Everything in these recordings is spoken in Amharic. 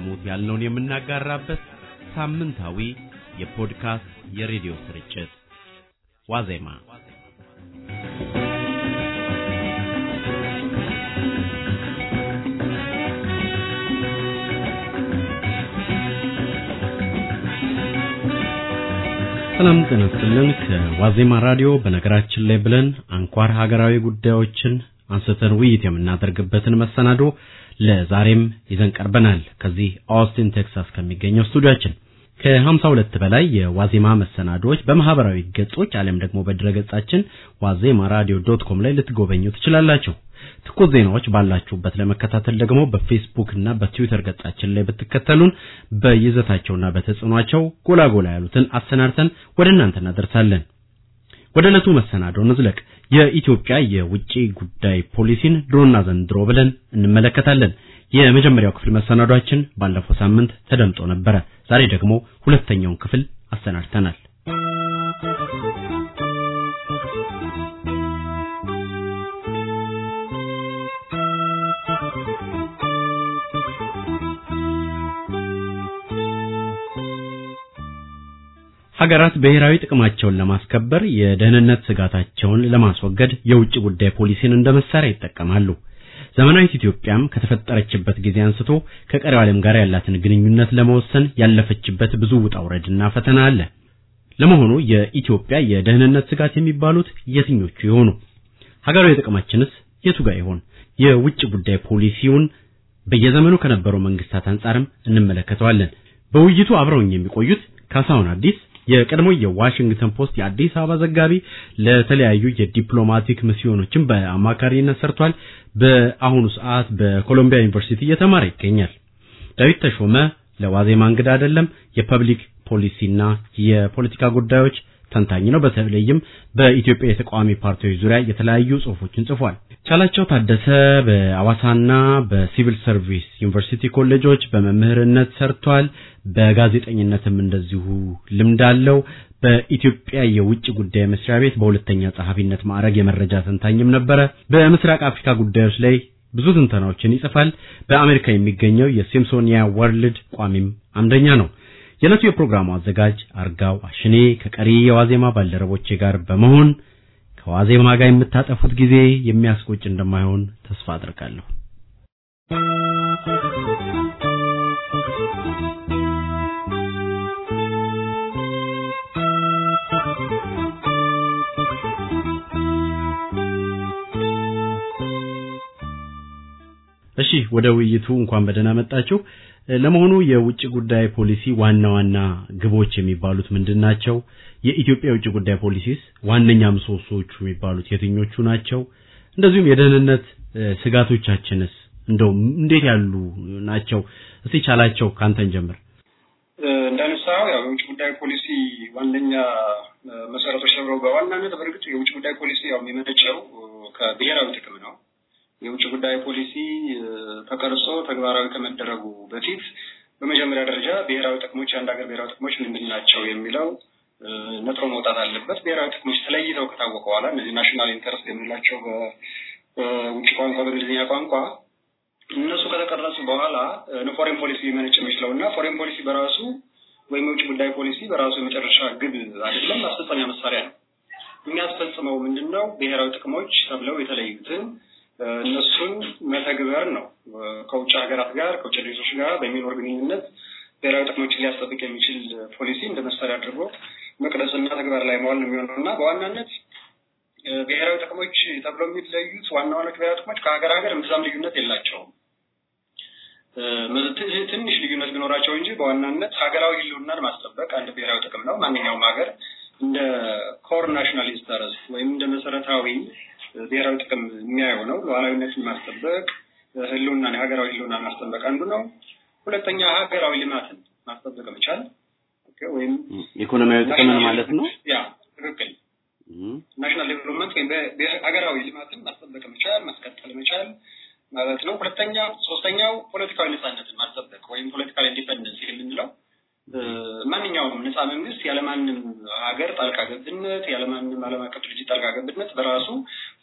ተጠቀሙት ያልነውን የምናጋራበት ሳምንታዊ የፖድካስት የሬዲዮ ስርጭት ዋዜማ ሰላም ጤና ይስጥልን። ከዋዜማ ራዲዮ በነገራችን ላይ ብለን አንኳር ሀገራዊ ጉዳዮችን አንስተን ውይይት የምናደርግበትን መሰናዶ ለዛሬም ይዘን ቀርበናል። ከዚህ ኦስቲን ቴክሳስ ከሚገኘው ስቱዲያችን ከ ሁለት በላይ የዋዜማ መሰናዶዎች በማህበራዊ ገጾች አለም ደግሞ በድረገጻችን ዋዜማ ራዲዮ ዶት ኮም ላይ ልትጎበኙ ትችላላችሁ። ትኩስ ዜናዎች ባላችሁበት ለመከታተል ደግሞ በፌስቡክ እና በትዊተር ገጻችን ላይ ብትከተሉን በይዘታቸውና በተጽዕኗቸው ጎላጎላ ያሉትን አሰናድተን ወደ እናንተ እናደርሳለን። ወደ ዕለቱ መሰናዶ ንዝለቅ። የኢትዮጵያ የውጭ ጉዳይ ፖሊሲን ድሮና ዘንድሮ ብለን እንመለከታለን። የመጀመሪያው ክፍል መሰናዷችን ባለፈው ሳምንት ተደምጦ ነበረ። ዛሬ ደግሞ ሁለተኛውን ክፍል አሰናድተናል። ሀገራት ብሔራዊ ጥቅማቸውን ለማስከበር የደህንነት ስጋታቸውን ለማስወገድ የውጭ ጉዳይ ፖሊሲን እንደ መሳሪያ ይጠቀማሉ። ዘመናዊት ኢትዮጵያም ከተፈጠረችበት ጊዜ አንስቶ ከቀሪው ዓለም ጋር ያላትን ግንኙነት ለመወሰን ያለፈችበት ብዙ ውጣ ውረድና ፈተና አለ። ለመሆኑ የኢትዮጵያ የደህንነት ስጋት የሚባሉት የትኞቹ ይሆኑ? ሀገራዊ ጥቅማችንስ የቱ ጋር ይሆን? የውጭ ጉዳይ ፖሊሲውን በየዘመኑ ከነበሩ መንግስታት አንጻርም እንመለከተዋለን። በውይይቱ አብረውኝ የሚቆዩት ካሳሁን አዲስ የቀድሞ የዋሽንግተን ፖስት የአዲስ አበባ ዘጋቢ ለተለያዩ የዲፕሎማቲክ ሚስዮኖችን በአማካሪነት ሰርቷል። በአሁኑ ሰዓት በኮሎምቢያ ዩኒቨርሲቲ እየተማረ ይገኛል። ዳዊት ተሾመ ለዋዜማ እንግዳ አይደለም። የፐብሊክ ፖሊሲና የፖለቲካ ጉዳዮች ተንታኝ ነው። በተለይም በኢትዮጵያ የተቃዋሚ ፓርቲዎች ዙሪያ የተለያዩ ጽሁፎችን ጽፏል። ቻላቸው ታደሰ በአዋሳና በሲቪል ሰርቪስ ዩኒቨርሲቲ ኮሌጆች በመምህርነት ሰርቷል። በጋዜጠኝነትም እንደዚሁ ልምድ አለው። በኢትዮጵያ የውጭ ጉዳይ መስሪያ ቤት በሁለተኛ ጸሐፊነት ማዕረግ የመረጃ ተንታኝም ነበረ። በምስራቅ አፍሪካ ጉዳዮች ላይ ብዙ ትንተናዎችን ይጽፋል። በአሜሪካ የሚገኘው የሲምሶኒያ ወርልድ ቋሚም አምደኛ ነው። የዕለቱ የፕሮግራሙ አዘጋጅ አርጋው አሽኔ ከቀሪ የዋዜማ ባልደረቦቼ ጋር በመሆን ከዋዜማ ጋር የምታጠፉት ጊዜ የሚያስቆጭ እንደማይሆን ተስፋ አድርጋለሁ። እሺ፣ ወደ ውይይቱ እንኳን በደህና መጣችሁ። ለመሆኑ የውጭ ጉዳይ ፖሊሲ ዋና ዋና ግቦች የሚባሉት ምንድን ናቸው? የኢትዮጵያ የውጭ ጉዳይ ፖሊሲስ ዋነኛ ምሰሶዎቹ የሚባሉት የትኞቹ ናቸው? እንደዚሁም የደህንነት ስጋቶቻችንስ እንደው እንዴት ያሉ ናቸው? እስቲ ቻላቸው ካንተን ጀምር። እንዳነሳው ያው የውጭ ጉዳይ ፖሊሲ ዋነኛ መሰረቶች ተብለው በዋናነት በእርግጥ የውጭ ጉዳይ ፖሊሲ ያው የሚመነጨው ከብሔራዊ ጥቅም ነው። የውጭ ጉዳይ ፖሊሲ ተቀርጾ ተግባራዊ ከመደረጉ በፊት በመጀመሪያ ደረጃ ብሔራዊ ጥቅሞች የአንድ ሀገር ብሔራዊ ጥቅሞች ምንድን ናቸው የሚለው ነጥሮ መውጣት አለበት። ብሔራዊ ጥቅሞች ተለይተው ከታወቀ በኋላ እነዚህ ናሽናል ኢንተረስት የምንላቸው በውጭ ቋንቋ በእንግሊዝኛ ቋንቋ እነሱ ከተቀረጹ በኋላ ፎሬን ፖሊሲ መነጭ የሚችለው እና ፎሬን ፖሊሲ በራሱ ወይም የውጭ ጉዳይ ፖሊሲ በራሱ የመጨረሻ ግብ አይደለም፣ ማስፈጸሚያ መሳሪያ ነው። የሚያስፈጽመው ምንድን ነው? ብሔራዊ ጥቅሞች ተብለው የተለዩትን እነሱን መተግበር ነው። ከውጭ ሀገራት ጋር ከውጭ ድርጅቶች ጋር በሚኖር ግንኙነት ብሔራዊ ጥቅሞችን ሊያስጠብቅ የሚችል ፖሊሲ እንደ መሳሪያ አድርጎ መቅረጽና ተግባር ላይ መዋል ነው የሚሆነው እና በዋናነት ብሔራዊ ጥቅሞች ተብሎ የሚለዩት ዋና ዋና ብሔራዊ ጥቅሞች ከሀገር ሀገር እምብዛም ልዩነት የላቸውም። ትንሽ ልዩነት ቢኖራቸው እንጂ በዋናነት ሀገራዊ ህልውናን ማስጠበቅ አንድ ብሔራዊ ጥቅም ነው። ማንኛውም ሀገር እንደ ኮር ናሽናል ኢንተረስት ወይም እንደ መሰረታዊ ብሔራዊ ጥቅም የሚያየው ነው። ሉዓላዊነትን ማስጠበቅ፣ ህልውናን የሀገራዊ ህልውናን ማስጠበቅ አንዱ ነው። ሁለተኛ ሀገራዊ ልማትን ማስጠበቅ መቻል ወይም ኢኮኖሚያዊ ጥቅምን ማለት ነው። ያ ትክክል። ናሽናል ዴቨሎፕመንት ወይም ሀገራዊ ልማትን ማስጠበቅ መቻል ማስቀጠል መቻል ማለት ነው። ሁለተኛ ሶስተኛው ፖለቲካዊ ነጻነትን ማስጠበቅ ወይም ፖለቲካል ኢንዲፐንደንስ የምንለው ማንኛውም ነፃ መንግስት ያለማንም ሀገር ጣልቃ ገብነት ያለማንም ዓለም አቀፍ ድርጅት ጣልቃ ገብነት በራሱ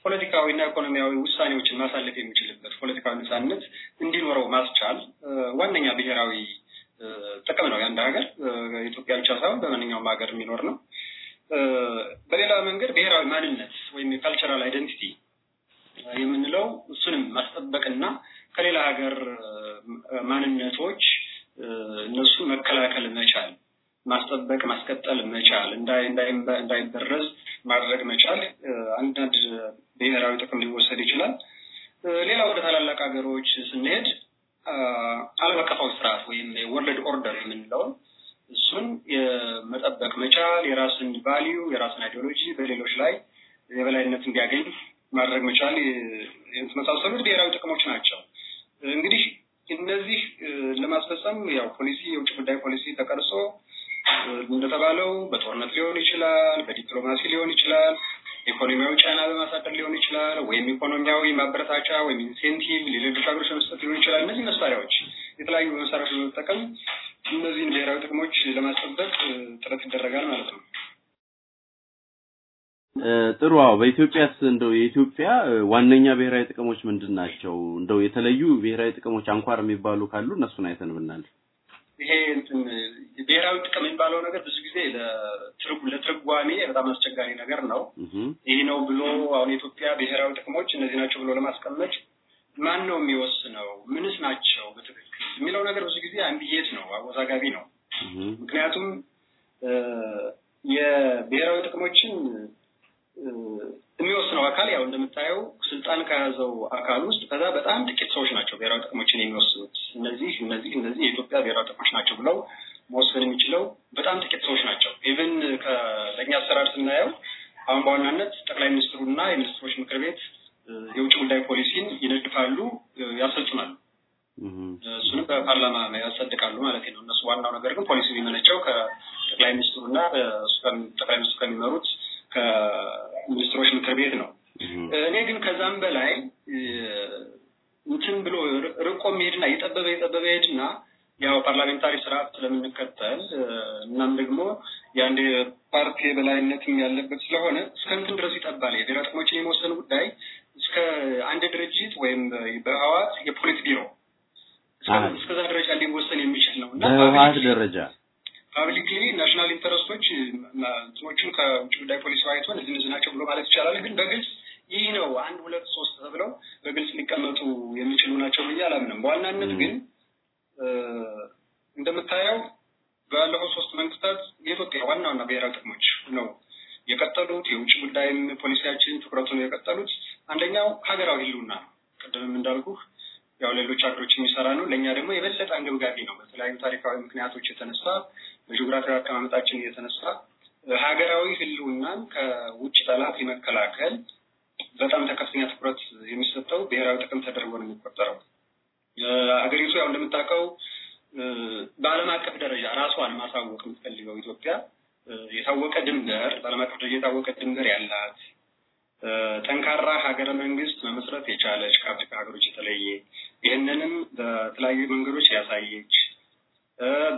ፖለቲካዊና ኢኮኖሚያዊ ውሳኔዎችን ማሳለፍ የሚችልበት ፖለቲካዊ ነፃነት እንዲኖረው ማስቻል ዋነኛ ብሔራዊ ጥቅም ነው የአንድ ሀገር ኢትዮጵያ ብቻ ሳይሆን በማንኛውም ሀገር የሚኖር ነው። በሌላ መንገድ ብሔራዊ ማንነት ወይም የካልቸራል አይደንቲቲ የምንለው እሱንም ማስጠበቅና ከሌላ ሀገር ማንነቶች እነሱ መከላከል መቻል፣ ማስጠበቅ፣ ማስቀጠል መቻል፣ እንዳይበረዝ ማድረግ መቻል አንዳንድ ብሔራዊ ጥቅም ሊወሰድ ይችላል። ሌላ ወደ ታላላቅ ሀገሮች ስንሄድ ዓለም አቀፋዊ ስርዓት ወይም የወርልድ ኦርደር የምንለውን እሱን የመጠበቅ መቻል የራስን ቫሊዩ የራስን አይዲዮሎጂ በሌሎች ላይ የበላይነት እንዲያገኝ ማድረግ መቻል የተመሳሰሉት ብሔራዊ ጥቅሞች ናቸው። እንግዲህ እነዚህ ለማስፈጸም ያው ፖሊሲ የውጭ ጉዳይ ፖሊሲ ተቀርጾ እንደተባለው በጦርነት ሊሆን ይችላል፣ በዲፕሎማሲ ሊሆን ይችላል፣ ኢኮኖሚያዊ ጫና በማሳደር ሊሆን ይችላል፣ ወይም ኢኮኖሚያዊ ማበረታቻ ወይም ኢንሴንቲቭ ሌሎች ሀገሮች መስጠት ሊሆን ይችላል። እነዚህ መሳሪያዎች የተለያዩ መሳሪያዎች በመጠቀም እነዚህን ብሔራዊ ጥቅሞች ለማስጠበቅ ጥረት ይደረጋል ማለት ነው። ጥሩ። አዎ በኢትዮጵያስ እንደው የኢትዮጵያ ዋነኛ ብሔራዊ ጥቅሞች ምንድን ናቸው? እንደው የተለዩ ብሔራዊ ጥቅሞች አንኳር የሚባሉ ካሉ እነሱን አይተን ብናል። ይሄ እንትን ብሔራዊ ጥቅም የሚባለው ነገር ብዙ ጊዜ ለትርጓሜ በጣም አስቸጋሪ ነገር ነው። ይህ ነው ብሎ አሁን የኢትዮጵያ ብሔራዊ ጥቅሞች እነዚህ ናቸው ብሎ ለማስቀመጥ ማን ነው የሚወስነው? ምንስ ናቸው በትክክል የሚለው ነገር ብዙ ጊዜ አንብየት ነው፣ አወዛጋቢ ነው። ምክንያቱም የብሔራዊ ጥቅሞችን የሚወስነው አካል ያው እንደምታየው ስልጣን ከያዘው አካል ውስጥ ከዛ በጣም ጥቂት ሰዎች ናቸው ብሔራዊ ጥቅሞችን የሚወስኑት። እነዚህ እነዚህ እነዚህ የኢትዮጵያ ብሔራዊ ጥቅሞች ናቸው ብለው መወሰን የሚችለው በጣም ጥቂት ሰዎች ናቸው። ኢቨን ለእኛ አሰራር ስናየው አሁን በዋናነት ጠቅላይ ሚኒስትሩና የሚኒስትሮች ምክር ቤት የውጭ ጉዳይ ፖሊሲን ይነድፋሉ፣ ያሰልጥናሉ። እሱንም በፓርላማ ያጸድቃሉ ማለት ነው። እነሱ ዋናው ነገር ግን ፖሊሲ የሚመነጨው ከጠቅላይ ሚኒስትሩና ጠቅላይ ሚኒስትሩ ከሚመሩት ከሚኒስትሮች ምክር ቤት ነው። እኔ ግን ከዛም በላይ እንትን ብሎ ርቆ መሄድና የጠበበ የጠበበ ሄድና ያው ፓርላሜንታሪ ስርዓት ስለምንከተል እናም ደግሞ የአንድ ፓርቲ የበላይነትም ያለበት ስለሆነ እስከ እንትን ድረስ ይጠባል። የብሔራ ጥቅሞችን የመወሰን ጉዳይ እስከ አንድ ድርጅት ወይም በህዋት የፖሊት ቢሮ እስከዛ ደረጃ ሊወሰን የሚችል ነው እና በህዋት ደረጃ ፓብሊክሊ ናሽናል ኢንተረስቶች እንትኖቹን ከውጭ ጉዳይ ፖሊሲ አይቶን እዚህ እዚህ ናቸው ብሎ ማለት ይቻላል። ግን በግልጽ ይህ ነው አንድ ሁለት ሶስት ተብለው በግልጽ ሊቀመጡ የሚችሉ ናቸው ብዬ አላምንም። በዋናነት ግን እንደምታየው ባለፈው ሶስት መንግስታት የኢትዮጵያ ዋና ዋና ብሔራዊ ጥቅሞች ነው የቀጠሉት። የውጭ ጉዳይም ፖሊሲያችን ትኩረቱ ነው የቀጠሉት። አንደኛው ሀገራዊ ህልውና ነው። ቅድምም እንዳልኩ ያው ሌሎች ሀገሮች የሚሰራ ነው፣ ለእኛ ደግሞ የበለጠ አንገብጋቢ ነው። በተለያዩ ታሪካዊ ምክንያቶች የተነሳ በጂኦግራፊያዊ አቀማመጣችን የተነሳ ሀገራዊ ህልውናን ከውጭ ጠላት የመከላከል በጣም ከፍተኛ ትኩረት የሚሰጠው ብሔራዊ ጥቅም ተደርጎ ነው የሚቆጠረው። ሀገሪቱ ያው እንደምታውቀው በዓለም አቀፍ ደረጃ ራሷን ማሳወቅ የምትፈልገው ኢትዮጵያ የታወቀ ድንበር በዓለም አቀፍ ደረጃ የታወቀ ድንበር ያላት ጠንካራ ሀገረ መንግስት መመስረት የቻለች ከአፍሪካ ሀገሮች የተለየ ይህንንም በተለያዩ መንገዶች ያሳየች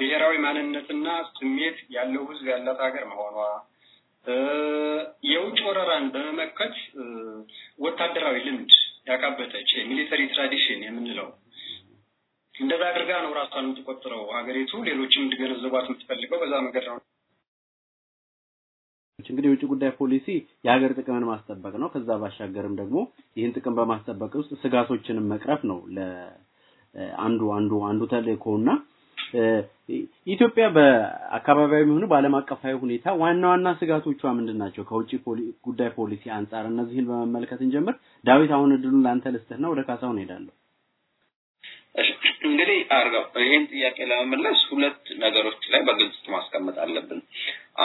ብሔራዊ ማንነትና ስሜት ያለው ህዝብ ያላት ሀገር መሆኗ የውጭ ወረራን በመመከት ወታደራዊ ልምድ ያካበተች ሚሊተሪ ትራዲሽን የምንለው እንደዛ አድርጋ ነው ራሷን የምትቆጥረው ሀገሪቱ። ሌሎችም እንዲገነዘቧት የምትፈልገው በዛ መንገድ ነው። እንግዲህ የውጭ ጉዳይ ፖሊሲ የሀገር ጥቅምን ማስጠበቅ ነው። ከዛ ባሻገርም ደግሞ ይህን ጥቅም በማስጠበቅ ውስጥ ስጋቶችንም መቅረፍ ነው ለአንዱ አንዱ አንዱ ተልእኮ እና ኢትዮጵያ በአካባቢያዊ የሚሆኑ በዓለም አቀፋዊ ሁኔታ ዋና ዋና ስጋቶቿ ምንድን ናቸው? ከውጭ ጉዳይ ፖሊሲ አንጻር እነዚህን በመመልከት እንጀምር። ዳዊት፣ አሁን እድሉን ለአንተ ልስጥህና ወደ ካሳሁን ሄዳለሁ። እንግዲህ አርጋው ይህን ጥያቄ ለመመለስ ሁለት ነገሮች ላይ በግልጽ ማስቀመጥ አለብን።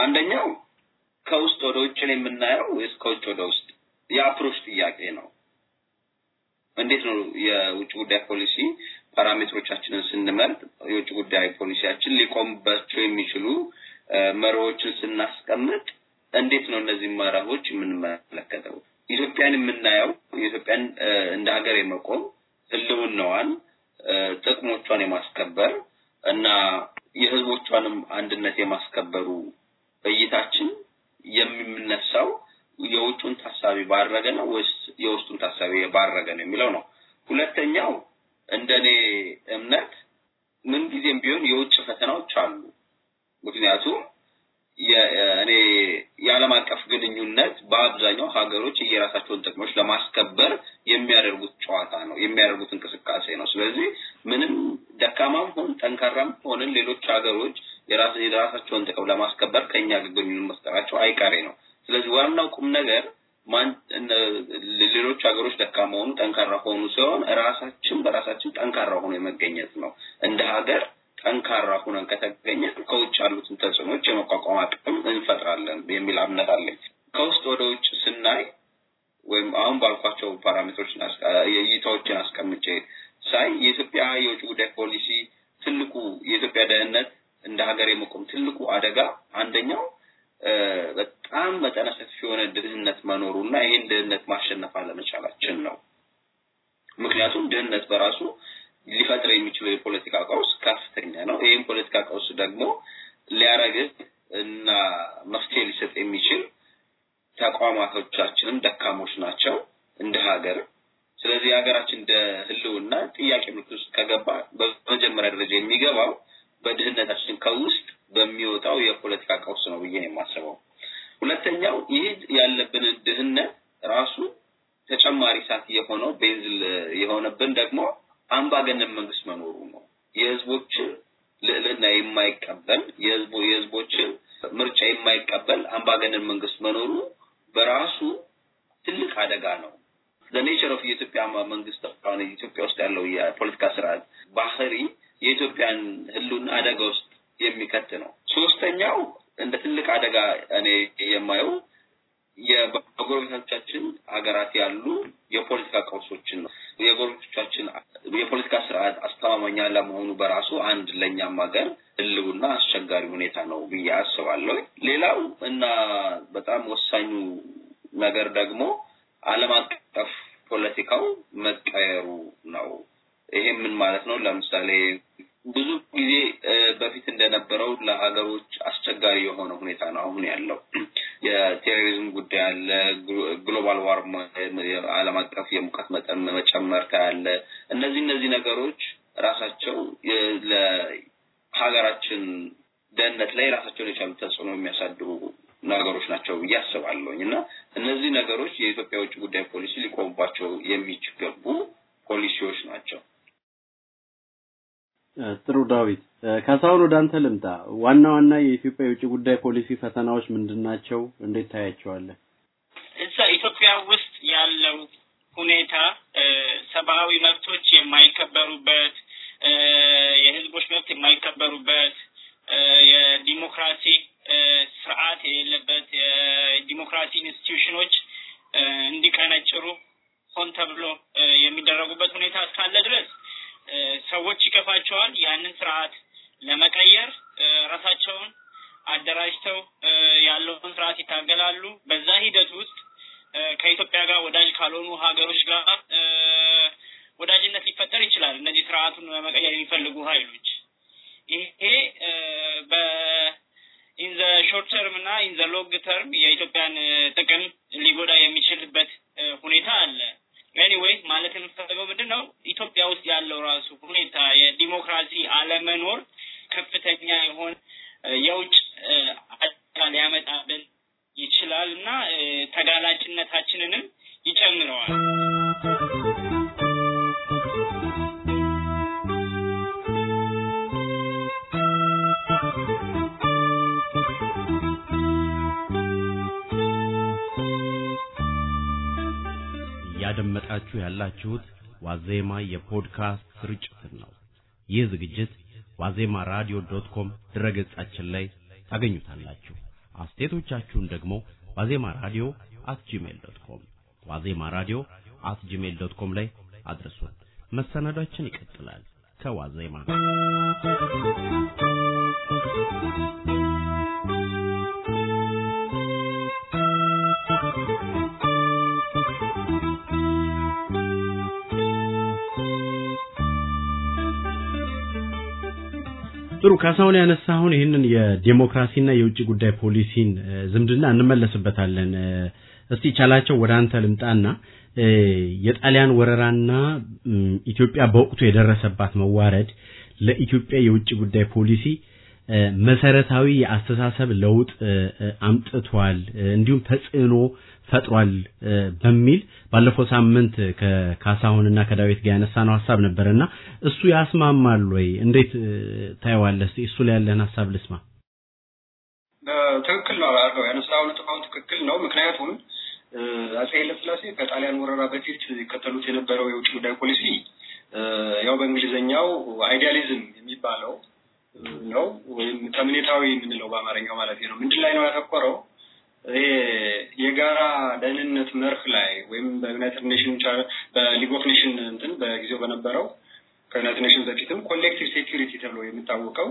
አንደኛው ከውስጥ ወደ ውጭ ነው የምናየው ወይስ ከውጭ ወደ ውስጥ? የአፕሮች ጥያቄ ነው። እንዴት ነው የውጭ ጉዳይ ፖሊሲ ፓራሜትሮቻችንን ስንመርጥ የውጭ ጉዳይ ፖሊሲያችን ሊቆምባቸው የሚችሉ መርሆችን ስናስቀምጥ እንዴት ነው እነዚህ መርሆች የምንመለከተው? ኢትዮጵያን የምናየው ኢትዮጵያን እንደ ሀገር የመቆም ህልውናዋን፣ ጥቅሞቿን የማስከበር እና የህዝቦቿንም አንድነት የማስከበሩ እይታችን የሚነሳው የውጩን ታሳቢ ባረገ ነው ወይስ የውስጡን ታሳቢ ባረገ ነው የሚለው ነው። ተማሪዎች የራሳቸውን ጥቅም ለማስከበር ከእኛ ግግኙ መፍጠራቸው አይቀሬ ነው። ስለዚህ ዋናው ቁም ነገር ማን ሌሎች ሀገሮች ደካ መሆኑ ጠንካራ ሆኑ ሲሆን ራሳችን በራሳችን ጠንካራ ሆኖ የመገኘት ነው። እንደ ሀገር ጠንካራ ሁነን ከተገኘ ከውጭ ያሉትን ተጽዕኖች የመቋቋም አቅም እንፈጥራለን የሚል አምነት አለኝ። ከውስጥ ወደ ውጭ ስናይ ወይም አሁን ባልኳቸው ፓራሜትሮች እይታዎችን አስቀምጬ ሳይ የኢትዮጵያ የውጭ ጉዳይ ፖሊሲ ትልቁ የኢትዮጵያ ደህንነት እንደ ሀገር የመቆም ትልቁ አደጋ አንደኛው በጣም መጠነ ሰፊ የሆነ ድህነት መኖሩ እና ይህን ድህነት ማሸነፍ አለመቻላችን ነው። ምክንያቱም ድህነት በራሱ ሊፈጥር የሚችለው የፖለቲካ ቀውስ ከፍተኛ ነው። ይህም ፖለቲካ ቀውስ ደግሞ ሊያረግብ እና መፍትሄ ሊሰጥ የሚችል ተቋማቶቻችንም ደካሞች ናቸው እንደ ሀገር። ስለዚህ የሀገራችን እንደ ህልውና ጥያቄ ምልክት ውስጥ ከገባ በመጀመሪያ ደረጃ የሚገባው በድህነት ውስጥ በሚወጣው የፖለቲካ ቀውስ ነው ብዬ ነው የማስበው። ሁለተኛው ይህ ያለብን ድህነት ራሱ ተጨማሪ ሳት የሆነው ቤንዝል የሆነብን ደግሞ አምባገነን መንግስት ሀገሮች አስቸጋሪ የሆነ ሁኔታ ነው አሁን ያለው። ወደ አንተ ልምጣ። ዋና ዋና የኢትዮጵያ የውጭ ጉዳይ ፖሊሲ ፈተናዎች ምንድን ናቸው? እንዴት ታያቸዋለህ? እዛ ኢትዮጵያ ውስጥ ያለው ሁኔታ ሰብአዊ መብቶች የማይከበሩበት፣ የህዝቦች መብት የማይከበሩበት፣ የዲሞክራሲ ስርዓት የሌለበት፣ የዲሞክራሲ ኢንስቲትዩሽኖች እንዲቀነጭሩ ሆን ተብሎ የሚደረጉበት ሁኔታ እስካለ ድረስ ሰዎች ይከፋቸዋል። ያንን ስርዓት ለመቀየር ራሳቸውን አደራጅተው ያለውን ስርዓት ይታገላሉ። በዛ ሂደት ውስጥ ከኢትዮጵያ ጋር ወዳጅ ካልሆኑ ሀገሮች ጋር ወዳጅነት ሊፈጠር ይችላል። እነዚህ ስርዓቱን ለመቀየር የሚፈልጉ ሀይሎች ይሄ በኢን ዘ ሾርት ተርም እና ኢን ዘ ሎንግ ተርም የኢትዮጵያን ጥቅም ሊጎዳ የሚችልበት ሁኔታ አለ። ኤኒዌይ ማለት የምፈልገው ምንድን ነው ኢትዮጵያ ውስጥ ያለው ራሱ ሁኔታ የዲሞክራሲ አለመኖር ከፍተኛ የሆን የውጭ አደጋ ሊያመጣብን ይችላል እና ተጋላጭነታችንንም ይጨምረዋል። እያደመጣችሁ ያላችሁት ዋዜማ የፖድካስት ስርጭትን ነው። ይህ ዝግጅት ዋዜማ ራዲዮ ዶት ኮም ድረገጻችን ላይ ታገኙታላችሁ። አስተያየቶቻችሁን ደግሞ ዋዜማ ራዲዮ አት ጂሜል ዶት ኮም ዋዜማ ራዲዮ አት ጂሜል ዶት ኮም ላይ አድርሱን። መሰናዷችን ይቀጥላል። ከዋዜማ ጥሩ ካሳሁን ያነሳሁን ይህንን የዴሞክራሲና የውጭ ጉዳይ ፖሊሲን ዝምድና እንመለስበታለን። እስቲ ቻላቸው ወደ አንተ ልምጣና የጣሊያን ወረራና ኢትዮጵያ በወቅቱ የደረሰባት መዋረድ ለኢትዮጵያ የውጭ ጉዳይ ፖሊሲ መሰረታዊ የአስተሳሰብ ለውጥ አምጥቷል፣ እንዲሁም ተጽዕኖ ፈጥሯል በሚል ባለፈው ሳምንት ከካሳሁንና ከዳዊት ጋር ያነሳነው ሀሳብ ነበርና እሱ ያስማማል ወይ? እንዴት ታየዋለህ? እሱ ላይ ያለህን ሀሳብ ልስማ። ትክክል ነው አርገው ያነሳው ነጥብ ትክክል ነው። ምክንያቱም አጼ ኃይለስላሴ ከጣሊያን ወረራ በፊት ይከተሉት የነበረው የውጭ ጉዳይ ፖሊሲ ያው በእንግሊዝኛው አይዲያሊዝም የሚባለው ነው፣ ወይም ተምኔታዊ የምንለው በአማርኛው ማለት ነው። ምንድን ላይ ነው ያተኮረው? የጋራ ደህንነት መርህ ላይ ወይም በዩናይትድ ኔሽን በሊግ ኦፍ ኔሽን እንትን በጊዜው በነበረው ከዩናይትድ ኔሽን በፊትም ኮሌክቲቭ ሴኪሪቲ ተብሎ የሚታወቀው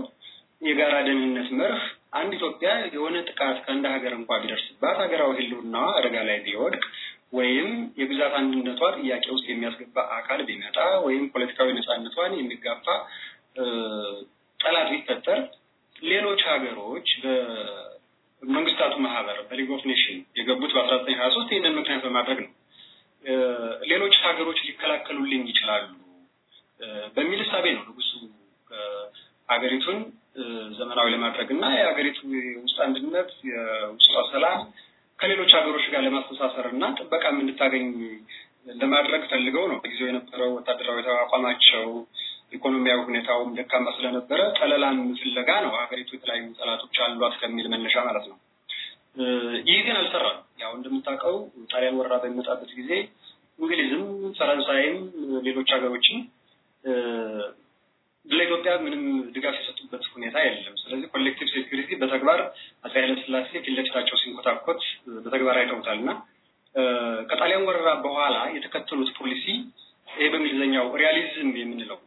የጋራ ደህንነት መርህ አንድ ኢትዮጵያ የሆነ ጥቃት ከአንድ ሀገር እንኳ ቢደርስባት ሀገራዊ ህልውናዋ አደጋ ላይ ቢወድቅ ወይም የግዛት አንድነቷ ጥያቄ ውስጥ የሚያስገባ አካል ቢመጣ ወይም ፖለቲካዊ ነፃነቷን የሚጋፋ ጠላት ቢፈጠር ሌሎች ሀገሮች መንግስታቱ ማህበር በሊግ ኦፍ ኔሽን የገቡት በአስራ ዘጠኝ ሀያ ሶስት ይህንን ምክንያት በማድረግ ነው። ሌሎች ሀገሮች ሊከላከሉልኝ ይችላሉ በሚል እሳቤ ነው ንጉሱ ሀገሪቱን ዘመናዊ ለማድረግ እና የሀገሪቱ የውስጥ አንድነት የውስጧ ሰላም ከሌሎች ሀገሮች ጋር ለማስተሳሰር እና ጥበቃም እንድታገኝ ለማድረግ ፈልገው ነው። ጊዜው የነበረው ወታደራዊ አቋማቸው ኢኮኖሚያዊ ሁኔታውም ደካማ ስለነበረ ጠለላን ፍለጋ ነው ሀገሪቱ የተለያዩ ጠላቶች አሏት ከሚል መነሻ ማለት ነው። ይህ ግን አልሰራም። ያው እንደምታውቀው ጣሊያን ወረራ በሚመጣበት ጊዜ እንግሊዝም፣ ፈረንሳይም ሌሎች ሀገሮችም ለኢትዮጵያ ምንም ድጋፍ የሰጡበት ሁኔታ የለም። ስለዚህ ኮሌክቲቭ ሴኩሪቲ በተግባር አፄ ኃይለስላሴ ፊት ለፊታቸው ሲንኮታኮት በተግባር አይተውታል እና ከጣሊያን ወረራ በኋላ የተከተሉት ፖሊሲ ይሄ በእንግሊዝኛው ሪያሊዝም የምንለው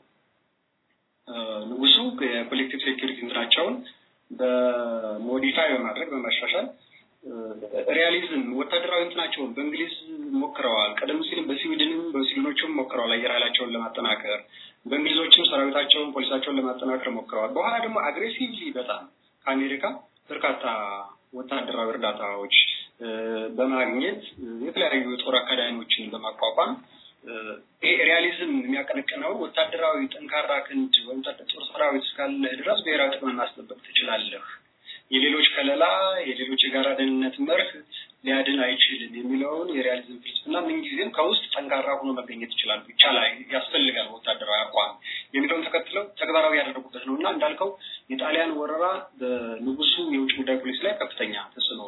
ንጉሱ የኮሌክቲቭ ሴኪሪቲ እንትናቸውን በሞዲፋይ በማድረግ በማሻሻል ሪያሊዝም ወታደራዊ እንትናቸውን በእንግሊዝ ሞክረዋል። ቀደም ሲልም በስዊድንም በስዊድኖችም ሞክረዋል። አየር ኃይላቸውን ለማጠናከር በእንግሊዞችም ሰራዊታቸውን ፖሊሳቸውን ለማጠናከር ሞክረዋል። በኋላ ደግሞ አግሬሲቭሊ በጣም ከአሜሪካ በርካታ ወታደራዊ እርዳታዎች በማግኘት የተለያዩ የጦር አካዳሚዎችን በማቋቋም ኢምፔሪያሊዝም የሚያቀነቅነው ወታደራዊ ጠንካራ ክንድ ወይም ጦር ሰራዊት እስካለህ ድረስ ብሔራዊ ጥቅም ማስጠበቅ ትችላለህ። የሌሎች ከለላ፣ የሌሎች የጋራ ደህንነት መርህ ሊያድን አይችልም የሚለውን የሪያሊዝም ፍልስፍና ምንጊዜም ከውስጥ ጠንካራ ሆኖ መገኘት ይችላል ይቻላል ያስፈልጋል ወታደራዊ አቋም የሚለውን ተከትለው ተግባራዊ ያደረጉበት ነው እና እንዳልከው የጣሊያን ወረራ በንጉሱ የውጭ ጉዳይ ፖሊሲ ላይ ከፍተኛ ተጽዕኖ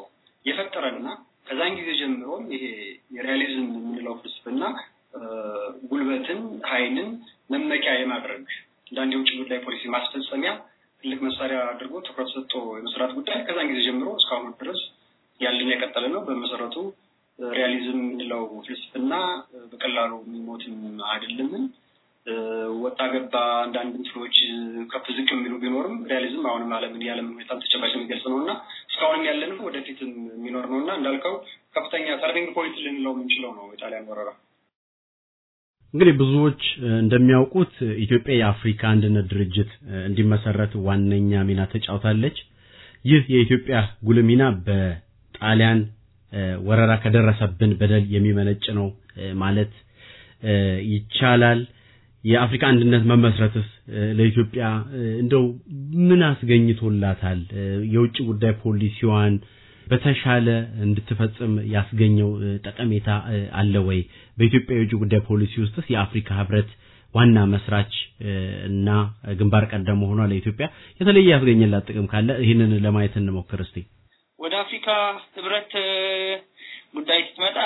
የፈጠረና ከዛን ጊዜ ጀምሮም ይሄ የሪያሊዝም የምንለው ፍልስፍና አይንን መመኪያ የማድረግ ለአንድ የውጭ ጉዳይ ፖሊሲ ማስፈጸሚያ ትልቅ መሳሪያ አድርጎ ትኩረት ሰጥቶ የመስራት ጉዳይ ከዛን ጊዜ ጀምሮ እስካሁን ድረስ ያለን የቀጠለ ነው። በመሰረቱ ሪያሊዝም የምንለው ፍልስፍና በቀላሉ የሚሞትም አይደለምን። ወጣ ገባ አንዳንድ ምስሎች ከፍ ዝቅ የሚሉ ቢኖርም ሪያሊዝም አሁንም ዓለምን ያለምን ሁኔታም ተጨባጭ የሚገልጽ ነው እና እስካሁንም ያለንም ወደፊትም የሚኖር ነው እና እንዳልከው ከፍተኛ ተርኒንግ ፖይንት ልንለው የምንችለው ነው የጣሊያን ወረራ። እንግዲህ ብዙዎች እንደሚያውቁት ኢትዮጵያ የአፍሪካ አንድነት ድርጅት እንዲመሰረት ዋነኛ ሚና ተጫውታለች። ይህ የኢትዮጵያ ጉልህ ሚና በጣሊያን ወረራ ከደረሰብን በደል የሚመነጭ ነው ማለት ይቻላል። የአፍሪካ አንድነት መመስረትስ ለኢትዮጵያ እንደው ምን አስገኝቶላታል? የውጭ ጉዳይ ፖሊሲዋን በተሻለ እንድትፈጽም ያስገኘው ጠቀሜታ አለ ወይ? በኢትዮጵያ የውጭ ጉዳይ ፖሊሲ ውስጥስ የአፍሪካ ህብረት ዋና መስራች እና ግንባር ቀደም መሆኗ ለኢትዮጵያ የተለየ ያስገኘላት ጥቅም ካለ ይህንን ለማየት እንሞክር እስቲ። ወደ አፍሪካ ህብረት ጉዳይ ስትመጣ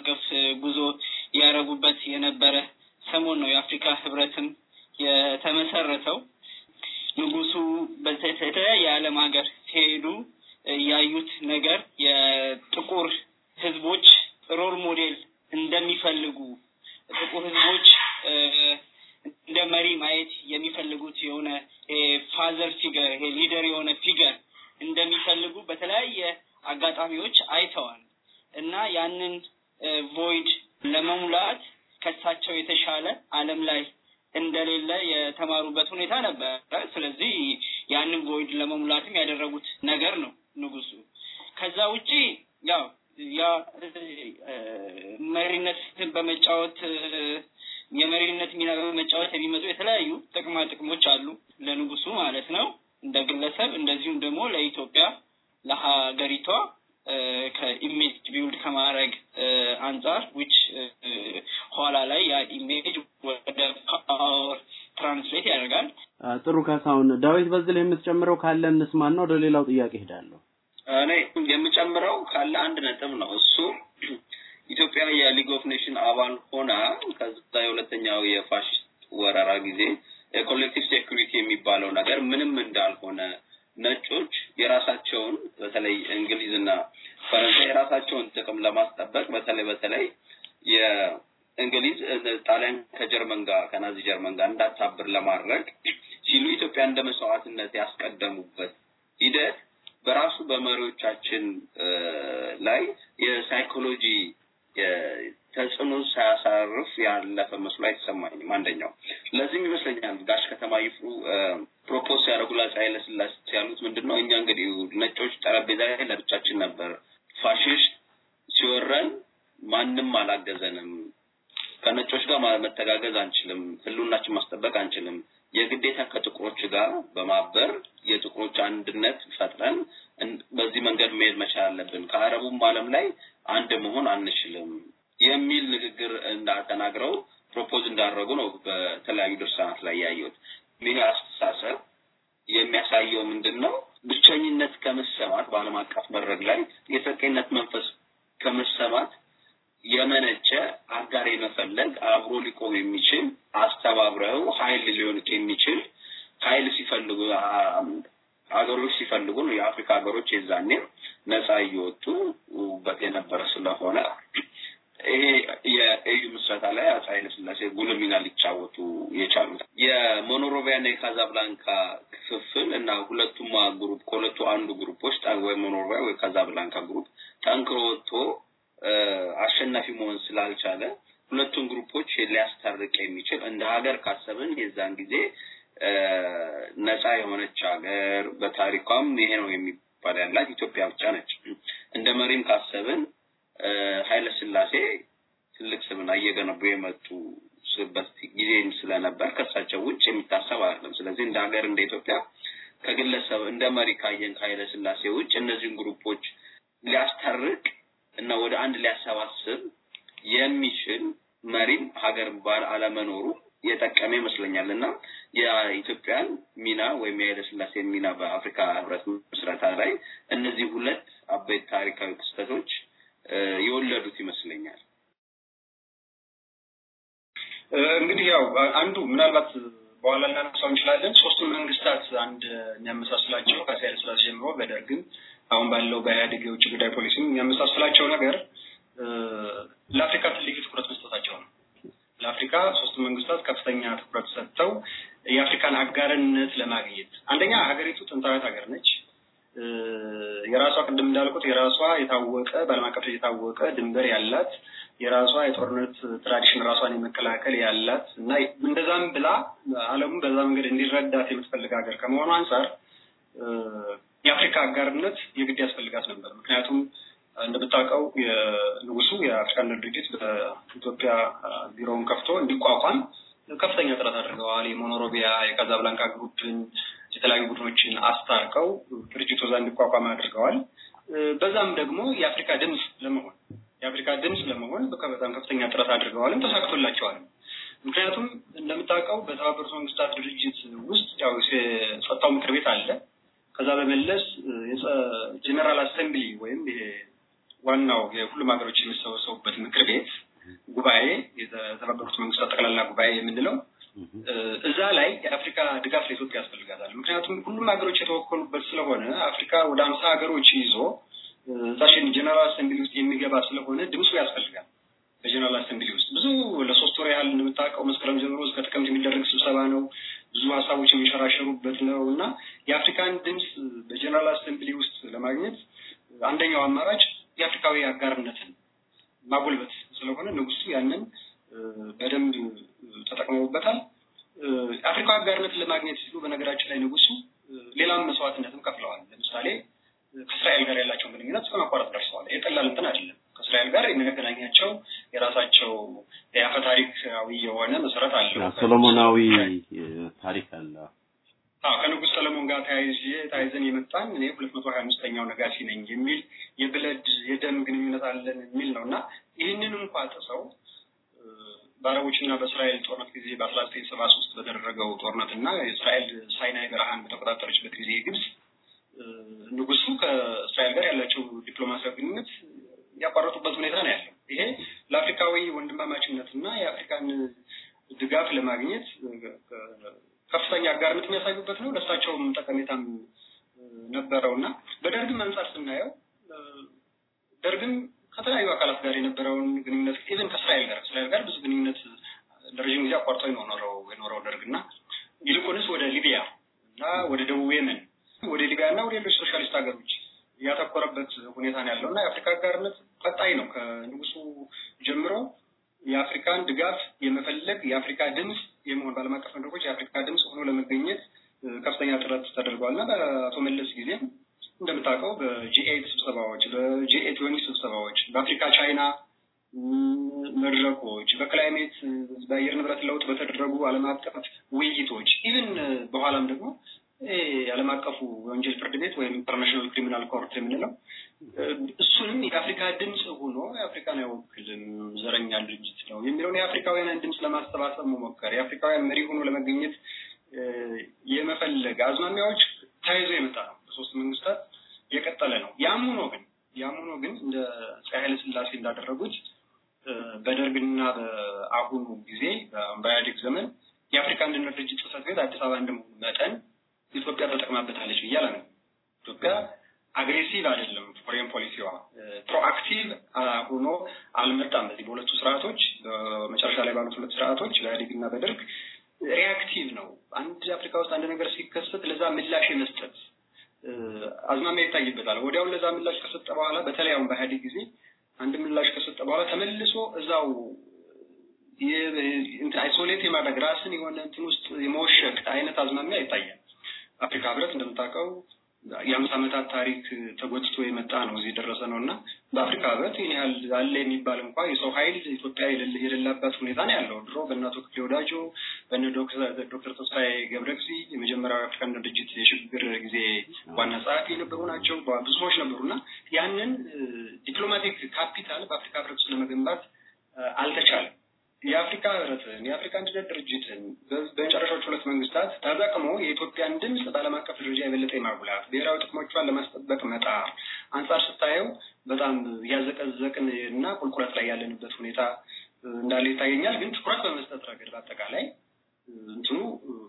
አቀፍ ጉዞ ያረጉበት የነበረ ሰሞን ነው። የአፍሪካ ህብረትም የተመሰረተው አንጻር ዊች uh, ኋላ ላይ ያ ኢሜጅ ወደ ፓወር ትራንስሌት ያደርጋል። ጥሩ ካሳሁን፣ ዳዊት በዚህ ላይ የምትጨምረው ካለ እንስማና ወደ ሌላው ጥያቄ ሄዳለሁ። ማንም አላገዘንም። ከነጮች ጋር መተጋገዝ አንችልም። ህልውናችን ማስጠበቅ አንችልም። የግዴታ ከጥቁሮች ጋር በማበር የጥቁሮች አንድነት ፈጥረን በዚህ መንገድ መሄድ መቻል አለብን። ከአረቡም ዓለም ላይ አንድ መሆን አንችልም የሚል ንግግር እንዳተናግረው ፕሮፖዝ እንዳደረጉ ነው በተለያዩ ድርሳናት ላይ ያየሁት። ይህ አስተሳሰብ የሚያሳየው ምንድን ነው? ብቸኝነት ከመሰማት በዓለም አቀፍ መድረክ ላይ የተቀኝነት መንፈስ ከመሰማት የመነጨ አጋር የመፈለግ አብሮ ሊቆም የሚችል አስተባብረው ሀይል ሊሆን የሚችል ሀይል ሲፈልጉ ሀገሮች ሲፈልጉ ነው የአፍሪካ ሀገሮች የዛኔ ነጻ እየወጡ በት የነበረ ስለሆነ ይሄ የኤዩ ምስረታ ላይ አፄ ኃይለሥላሴ ጉልህ ሚና ሊጫወቱ የቻሉት ና የካዛብላንካ ክፍፍል እና ሁለቱማ ግሩፕ ከሁለቱ አንዱ ውስጥ ወይ ሞኖሮቪያ ወይ ካዛብላንካ ግሩፕ ጠንክሮ ወጥቶ አሸናፊ መሆን ስላልቻለ ሁለቱን ግሩፖች ሊያስታርቅ የሚችል እንደ ሀገር ካሰብን የዛን ጊዜ ነፃ የሆነች ሀገር በታሪኳም ይሄ ነው የሚባል ያላት ኢትዮጵያ ብቻ ነች። እንደ መሪም ካሰብን ኃይለ ስላሴ ትልቅ ስብና እየገነቡ የመጡ ስበት ጊዜም ስለነበር ከእሳቸው ውጭ የሚታሰብ አይደለም። ስለዚህ እንደ ሀገር እንደ ኢትዮጵያ ከግለሰብ እንደ መሪ ካየን ከኃይለ ስላሴ ውጭ እነዚህን ግሩፖች ሊያስታርቅ እና ወደ አንድ ሊያሰባስብ የሚችል መሪም ሀገር ባል አለመኖሩ የጠቀመ ይመስለኛል እና የኢትዮጵያን ሚና ወይም የኃይለስላሴን ሚና በአፍሪካ ህብረት ምስረታ ላይ እነዚህ ሁለት አበይት ታሪካዊ ክስተቶች የወለዱት ይመስለኛል። እንግዲህ ያው አንዱ ምናልባት በኋላ ልናነሳው እንችላለን። ሶስቱ መንግስታት አንድ የሚያመሳስላቸው ከኃይለስላሴ ጀምሮ በደርግም አሁን ባለው በኢህአዴግ የውጭ ጉዳይ ፖሊሲም የሚያመሳስላቸው ነገር ለአፍሪካ ትልቅ ትኩረት መስጠታቸው ነው። ለአፍሪካ ሶስቱ መንግስታት ከፍተኛ ትኩረት ሰጥተው የአፍሪካን አጋርነት ለማግኘት አንደኛ ሀገሪቱ ጥንታዊት ሀገር ነች። የራሷ ቅድም እንዳልኩት የራሷ የታወቀ በዓለም አቀፍ የታወቀ ድንበር ያላት የራሷ የጦርነት ትራዲሽን ራሷን የመከላከል ያላት እና እንደዛም ብላ ዓለሙ በዛ መንገድ እንዲረዳት የምትፈልግ ሀገር ከመሆኑ አንጻር የአፍሪካ አጋርነት የግድ ያስፈልጋት ነበር። ምክንያቱም እንደምታውቀው ንጉሱ የአፍሪካ ድርጅት በኢትዮጵያ ቢሮውን ከፍቶ እንዲቋቋም ከፍተኛ ጥረት አድርገዋል። የሞኖሮቢያ የካዛብላንካ ግሩፕን የተለያዩ ቡድኖችን አስታርቀው ድርጅቱ እዛ እንዲቋቋም አድርገዋል። በዛም ደግሞ የአፍሪካ ድምፅ ለመሆን የአፍሪካ ድምፅ ለመሆን በጣም ከፍተኛ ጥረት አድርገዋልም ተሳክቶላቸዋል። ምክንያቱም እንደምታውቀው በተባበሩት መንግስታት ድርጅት ውስጥ ያው የጸጥታው ምክር ቤት አለ። ከዛ በመለስ ዋናው የሁሉም ሀገሮች የሚሰበሰቡበት ምክር ቤት ጉባኤ የተባበሩት መንግስታት ጠቅላላ ጉባኤ የምንለው እዛ ላይ የአፍሪካ ድጋፍ ለኢትዮጵያ ያስፈልጋታል። ምክንያቱም ሁሉም ሀገሮች የተወከሉበት ስለሆነ አፍሪካ ወደ አምሳ ሀገሮች ይዞ እዛሽን ጀነራል አሰምብሊ ውስጥ የሚገባ ስለሆነ ድምፁ ያስፈልጋል። በጀነራል አሰምብሊ ውስጥ ብዙ ለሶስት ወር ያህል እንደምታውቀው መስከረም ጀምሮ እስከ ጥቅምት የሚደረግ ስብሰባ ነው። ብዙ ሀሳቦች የሚሸራሸሩበት ነው እና የአፍሪካን ድምፅ በጀነራል አሰምብሊ ውስጥ ለማግኘት አንደኛው አማራጭ የአፍሪካዊ አጋርነትን ማጎልበት ስለሆነ ንጉሱ ያንን በደንብ ተጠቅመውበታል። የአፍሪካዊ አጋርነትን ለማግኘት ሲሉ በነገራችን ላይ ንጉሱ ሌላም መስዋዕትነትም ከፍለዋል። ለምሳሌ ከእስራኤል ጋር ያላቸውን ግንኙነት እስከ ማቋረጥ ደርሰዋል። የጠላል እንትን አይደለም። ከእስራኤል ጋር የሚያገናኛቸው የራሳቸው የአፈ ታሪካዊ የሆነ መሰረት አለው። ሶሎሞናዊ ታሪክ አለ ከንጉሥ ሰለሞን ጋር ተያይዤ ተያይዘን የመጣን እኔ ሁለት መቶ ሀያ አምስተኛው ነጋሲ ነኝ የሚል የብለድ የደም ግንኙነት አለን የሚል ነው እና ይህንን እንኳ ጥሰው በአረቦችና በእስራኤል ጦርነት ጊዜ በአስራ ዘጠኝ ሰባ ሶስት በተደረገው ጦርነት እና የእስራኤል ሳይናይ በረሃን በተቆጣጠረችበት ጊዜ ግብጽ ንጉሱ ከእስራኤል ጋር ያላቸው ዲፕሎማሲያዊ ግንኙነት ያቋረጡበት ሁኔታ ነው ያለው። ይሄ ለአፍሪካዊ ወንድማማችነት እና የአፍሪካን ድጋፍ ለማግኘት ከፍተኛ አጋርነት የሚያሳዩበት ነው። ለእሳቸውም ጠቀሜታም ነበረው እና በደርግም አንጻር ስናየው ደርግም ከተለያዩ አካላት ጋር የነበረውን ግንኙነት ኢቨን ከእስራኤል ጋር እስራኤል ጋር ብዙ ግንኙነት ለረዥም ጊዜ አቋርጦ የኖረው የኖረው ደርግ እና ይልቁንስ ወደ ሊቢያ እና ወደ ደቡብ የመን ወደ ሊቢያ እና ወደ ሌሎች ሶሻሊስት ሀገሮች ያተኮረበት ሁኔታ ነው ያለው እና የአፍሪካ አጋርነት ቀጣይ ነው። ከንጉሱ ጀምሮ የአፍሪካን ድጋፍ የመፈለግ የአፍሪካ ድምፅ የመሆን ባለም አቀፍ መድረኮች የአፍሪካ ድምፅ ሆኖ ለመገኘት ከፍተኛ ጥረት ተደርጓል እና በአቶ መለስ ጊዜም እንደምታውቀው በጂኤት ስብሰባዎች፣ በጂኤት ወኒ ስብሰባዎች፣ በአፍሪካ ቻይና መድረኮች፣ በክላይሜት በአየር ንብረት ለውጥ በተደረጉ ዓለም አቀፍ ውይይቶች ኢቭን በኋላም ደግሞ የዓለም አቀፉ የወንጀል ፍርድ ቤት ወይም ኢንተርናሽናል ክሪሚናል ኮርት የምንለው እሱንም የአፍሪካ ድምፅ ሆኖ የአፍሪካን አይወክልም ዘረኛ ድርጅት ነው የሚለውን የአፍሪካውያንን ድምፅ ለማሰባሰብ መሞከር የአፍሪካውያን መሪ ሆኖ ለመገኘት የመፈለግ አዝማሚያዎች ተያይዞ የመጣ ነው። በሶስት መንግስታት የቀጠለ ነው። ያም ሆኖ ግን ያም ሆኖ ግን እንደ አፄ ኃይለ ስላሴ እንዳደረጉት በደርግና በአሁኑ ጊዜ በኢህአዴግ ዘመን የአፍሪካ አንድነት ድርጅት ጽሕፈት ቤት አዲስ አበባ እንደመሆኑ መጠን ኢትዮጵያ ተጠቅማበታለች ብያለ ነው። ኢትዮጵያ አግሬሲቭ አይደለም ፎሬን ፖሊሲዋ ፕሮአክቲቭ ሆኖ አልመጣም። በዚህ በሁለቱ ስርዓቶች በመጨረሻ ላይ ባሉት ሁለት ስርዓቶች በኢህአዴግ እና በደርግ ሪያክቲቭ ነው። አንድ አፍሪካ ውስጥ አንድ ነገር ሲከሰት ለዛ ምላሽ የመስጠት አዝማሚያ ይታይበታል። ወዲያውን ለዛ ምላሽ ከሰጠ በኋላ በተለይ አሁን በኢህአዴግ ጊዜ አንድ ምላሽ ከሰጠ በኋላ ተመልሶ እዛው አይሶሌት የማድረግ ራስን የሆነ እንትን ውስጥ የመወሸቅ አይነት አዝማሚያ ይታያል። አፍሪካ ህብረት እንደምታውቀው የአምስት ዓመታት ታሪክ ተጎትቶ የመጣ ነው እዚህ የደረሰ ነው እና በአፍሪካ ህብረት ይህን ያህል አለ የሚባል እንኳ የሰው ኃይል ኢትዮጵያ የሌላበት ሁኔታ ነው ያለው። ድሮ በእነ አቶ ክፍሌ ወዳጆ በእነ ዶክተር ተስፋዬ ገብረግዚ የመጀመሪያው አፍሪካን ድርጅት የሽግግር ጊዜ ዋና ጸሐፊ የነበሩ ናቸው። ብዙ ሰዎች ነበሩ እና ያንን ዲፕሎማቲክ ካፒታል በአፍሪካ ህብረት ውስጥ ለመገንባት አልተቻለም። የአፍሪካ ህብረትን የአፍሪካ አንድነት ድርጅትን በመጨረሻዎች ሁለት መንግስታት ተጠቅሞ የኢትዮጵያን ድምፅ በዓለም አቀፍ ደረጃ የበለጠ የማጉላት ብሔራዊ ጥቅሞቿን ለማስጠበቅ መጣር አንጻር ስታየው በጣም እያዘቀዘቅን እና ቁልቁለት ላይ ያለንበት ሁኔታ እንዳለ ይታየኛል። ግን ትኩረት በመስጠት ረገድ በአጠቃላይ እንትኑ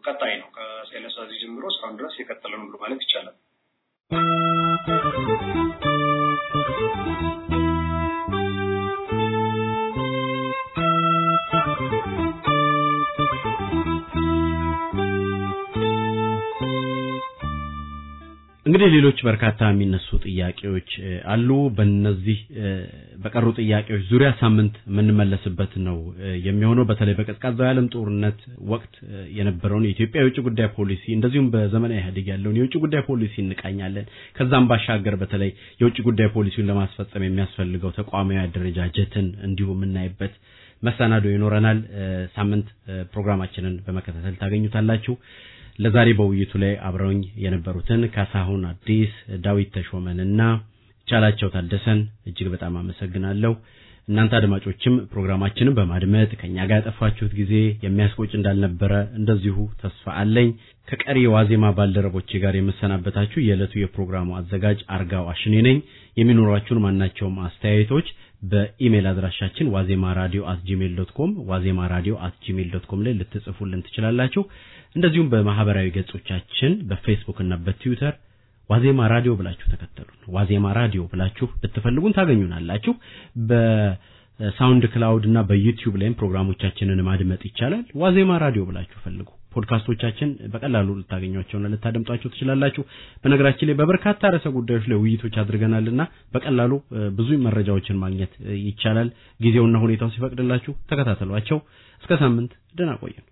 ቀጣይ ነው። ከሴለሳዚ ጀምሮ እስካሁን ድረስ የቀጠለ ነው ብሎ ማለት ይቻላል። እንግዲህ ሌሎች በርካታ የሚነሱ ጥያቄዎች አሉ። በነዚህ በቀሩ ጥያቄዎች ዙሪያ ሳምንት የምንመለስበት ነው የሚሆነው። በተለይ በቀዝቃዛው የዓለም ጦርነት ወቅት የነበረውን የኢትዮጵያ የውጭ ጉዳይ ፖሊሲ እንደዚሁም በዘመናዊ ኢህአዴግ ያለውን የውጭ ጉዳይ ፖሊሲ እንቃኛለን። ከዛም ባሻገር በተለይ የውጭ ጉዳይ ፖሊሲውን ለማስፈጸም የሚያስፈልገው ተቋማዊ አደረጃጀትን እንዲሁ የምናይበት መሰናዶ ይኖረናል። ሳምንት ፕሮግራማችንን በመከታተል ታገኙታላችሁ። ለዛሬ በውይይቱ ላይ አብረውኝ የነበሩትን ካሳሁን አዲስ፣ ዳዊት ተሾመንና ቻላቸው ታደሰን እጅግ በጣም አመሰግናለሁ። እናንተ አድማጮችም ፕሮግራማችንን በማድመጥ ከእኛ ጋር ያጠፋችሁት ጊዜ የሚያስቆጭ እንዳልነበረ እንደዚሁ ተስፋ አለኝ። ከቀሪ ዋዜማ ባልደረቦቼ ጋር የመሰናበታችሁ የዕለቱ የፕሮግራሙ አዘጋጅ አርጋው አሽኔ ነኝ። የሚኖሯችሁን ማናቸውም አስተያየቶች በኢሜይል አድራሻችን ዋዜማ ራዲዮ አት ጂሜል ዶት ኮም ዋዜማ ራዲዮ አት ጂሜል ዶት ኮም ላይ ልትጽፉልን ትችላላችሁ። እንደዚሁም በማህበራዊ ገጾቻችን በፌስቡክ እና በትዊተር ዋዜማ ራዲዮ ብላችሁ ተከተሉን። ዋዜማ ራዲዮ ብላችሁ ብትፈልጉን ታገኙናላችሁ። በሳውንድ ክላውድ እና በዩቲዩብ ላይም ፕሮግራሞቻችንን ማድመጥ ይቻላል። ዋዜማ ራዲዮ ብላችሁ ፈልጉ። ፖድካስቶቻችን በቀላሉ ልታገኟቸውና ልታደምጧቸው ትችላላችሁ። በነገራችን ላይ በበርካታ ርዕሰ ጉዳዮች ላይ ውይይቶች አድርገናልና በቀላሉ ብዙ መረጃዎችን ማግኘት ይቻላል። ጊዜውና ሁኔታው ሲፈቅድላችሁ ተከታተሏቸው። እስከ ሳምንት ደህና ቆየን።